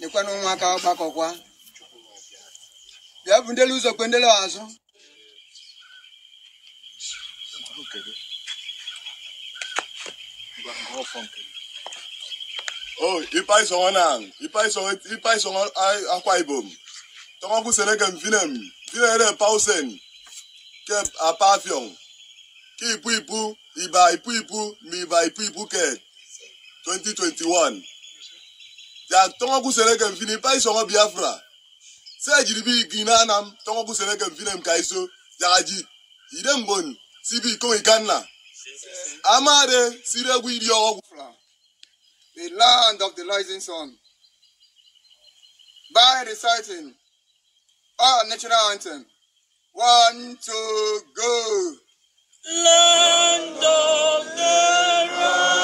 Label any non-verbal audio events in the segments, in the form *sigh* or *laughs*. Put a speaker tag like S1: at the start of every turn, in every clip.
S1: nekwa na ụmụaka gbakọkwa bịa bụ ndele ụzọ kwe ndele azụ o oh, ipai sɔngɔ na ipai sɔngɔ ipai sɔngɔ akwa ibom tɔngɔ ku sɛnɛ kɛm vinem vinem yɛrɛ pausen kɛ apaafiɔn ki ipu ipu iba ipu ipu mi iba ipu ipu kɛ twenty twenty one tɔngɔku sɛnɛ kɛ nfini pa sɔngɔ biafra sɛ jiribi gina tɔngɔku sɛnɛ kɛ nfini ka yagaji ide ngbon sibi ko i amaade sireku idi The land of the rising sun. By reciting our national anthem. One, two, go. Land of the rising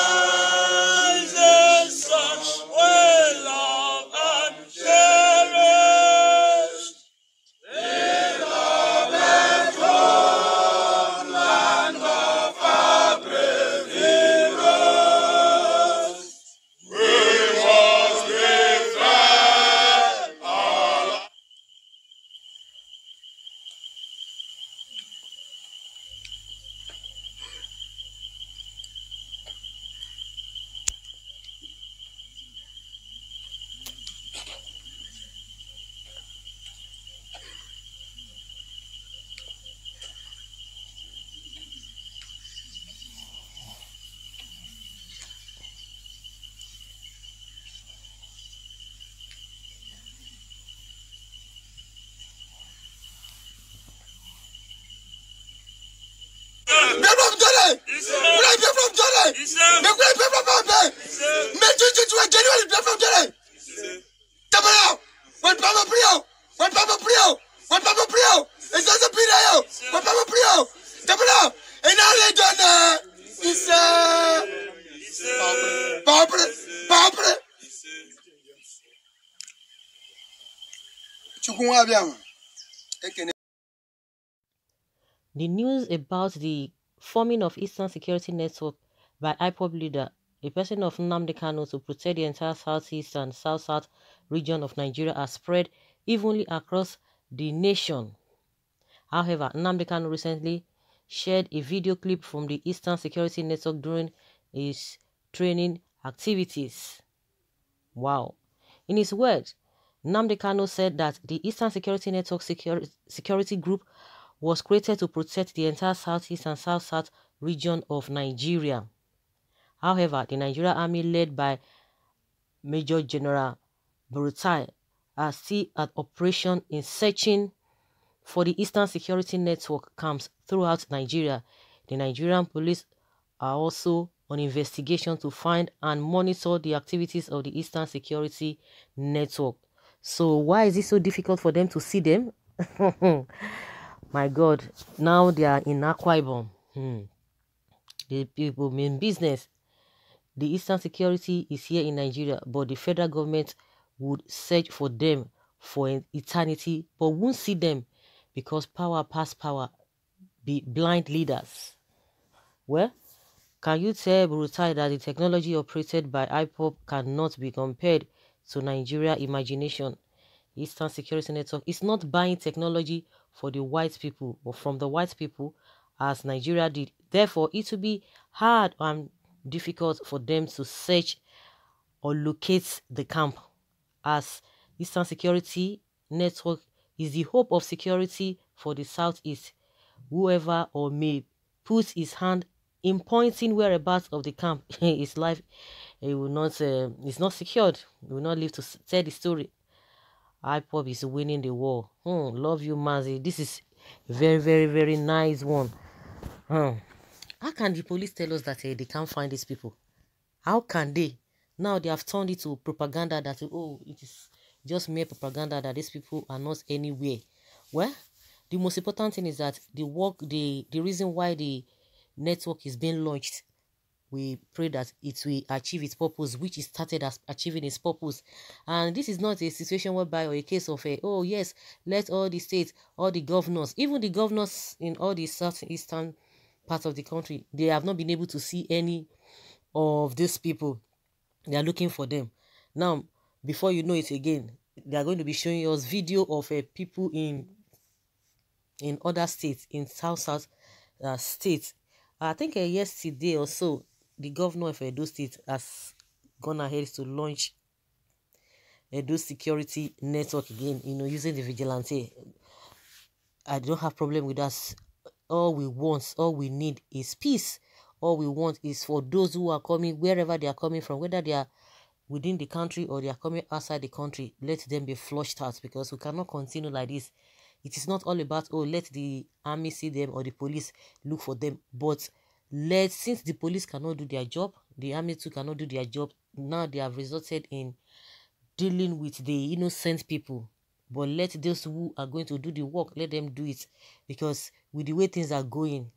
S1: from from Make you to a genuine from what Papa Prio, what Papa Prio, what Papa Prio, it's not a what Papa Prio, and know. It's a Barbara, Barbara. The news about the forming of Eastern Security Network by IPOB leader, a person of Nnamdi Kanu to protect the entire southeast and south-south region of Nigeria are spread evenly across the nation. However, Nnamdi Kanu recently shared a video clip from the Eastern Security Network during his training activities. Wow. In his words, Namdekano said that the Eastern Security Network Security Group was created to protect the entire southeast and south-south region of Nigeria. However, the Nigerian Army led by Major General Burutai are still at operation in searching for the Eastern Security Network camps throughout Nigeria. The Nigerian police are also on investigation to find and monitor the activities of the Eastern Security Network. So why is it so difficult for them to see them? *laughs* My God, now they are in Akwa Ibom. Hmm. The people mean business. The Eastern security is here in Nigeria, but the federal government would search for them for eternity, but won't see them because power past power be blind leaders. Well, can you tell brutal that the technology operated by IPOP cannot be compared to Nigeria imagination? Eastern Security Network is not buying technology for the white people or from the white people as Nigeria did. Therefore, it will be hard and difficult for them to search or locate the camp as Eastern Security Network is the hope of security for the Southeast. Whoever or may puts his hand in pointing whereabouts of the camp, *laughs* his life it will not, uh, not secured. He will not live to tell the story. IPOP is winning the war. Hmm, love you, Mazi. This is very, very, very nice one. Hmm. How can the police tell us that hey, eh, they can't find these people? How can they? Now they have turned it to propaganda that, oh, it is just mere propaganda that these people are not anywhere. Well, the most important thing is that the work, the, the reason why the network is being launched we pray that it will achieve its purpose, which is started as achieving its purpose. And this is not a situation whereby or a case of a oh yes, let all the states, all the governors, even the governors in all the southeastern parts of the country, they have not been able to see any of these people. They are looking for them. Now, before you know it again, they are going to be showing us video of uh, people in in other states, in South South uh, states. I think uh, yesterday or so, the governor of Edo State has gone ahead to launch Edo Security Network again, you know, using the vigilante. I don't have problem with us. All we want, all we need is peace. All we want is for those who are coming, wherever they are coming from, whether they are within the country or they are coming outside the country, let them be flushed out because we cannot continue like this. It is not all about, oh, let the army see them or the police look for them, but let since the police cannot do their job, the army too cannot do their job. Now they have resulted in dealing with the innocent people. But let those who are going to do the work, let them do it. Because with the way things are going,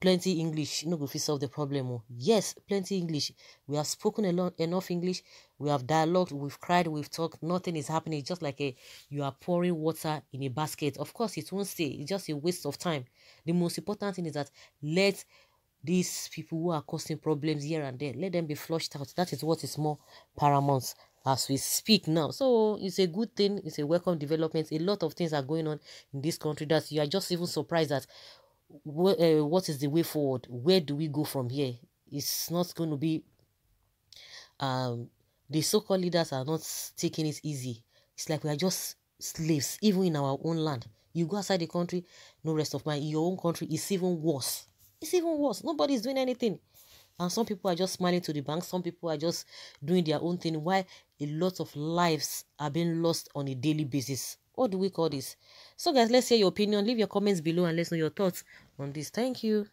S1: plenty English, you know, if we solve the problem. Oh. Yes, plenty English. We have spoken a lot, enough English. We have dialogued, we've cried, we've talked. Nothing is happening. It's just like a, you are pouring water in a basket. Of course, it won't stay. It's just a waste of time. The most important thing is that let these people who are causing problems here and there, let them be flushed out. That is what is more paramount as we speak now. So it's a good thing. It's a welcome development. A lot of things are going on in this country that you are just even surprised at. What, uh, eh, what is the way forward? Where do we go from here? It's not going to be. Um, the so-called leaders are not taking it easy. It's like we are just slaves, even in our own land. You go outside the country, no rest of mind. In your own country, it's even worse. It's even worse. Nobody's doing anything. And some people are just smiling to the bank. Some people are just doing their own thing. Why a lot of lives are being lost on a daily basis. What do we call this? So guys, let's hear your opinion. Leave your comments below and let's know your thoughts on this. Thank you.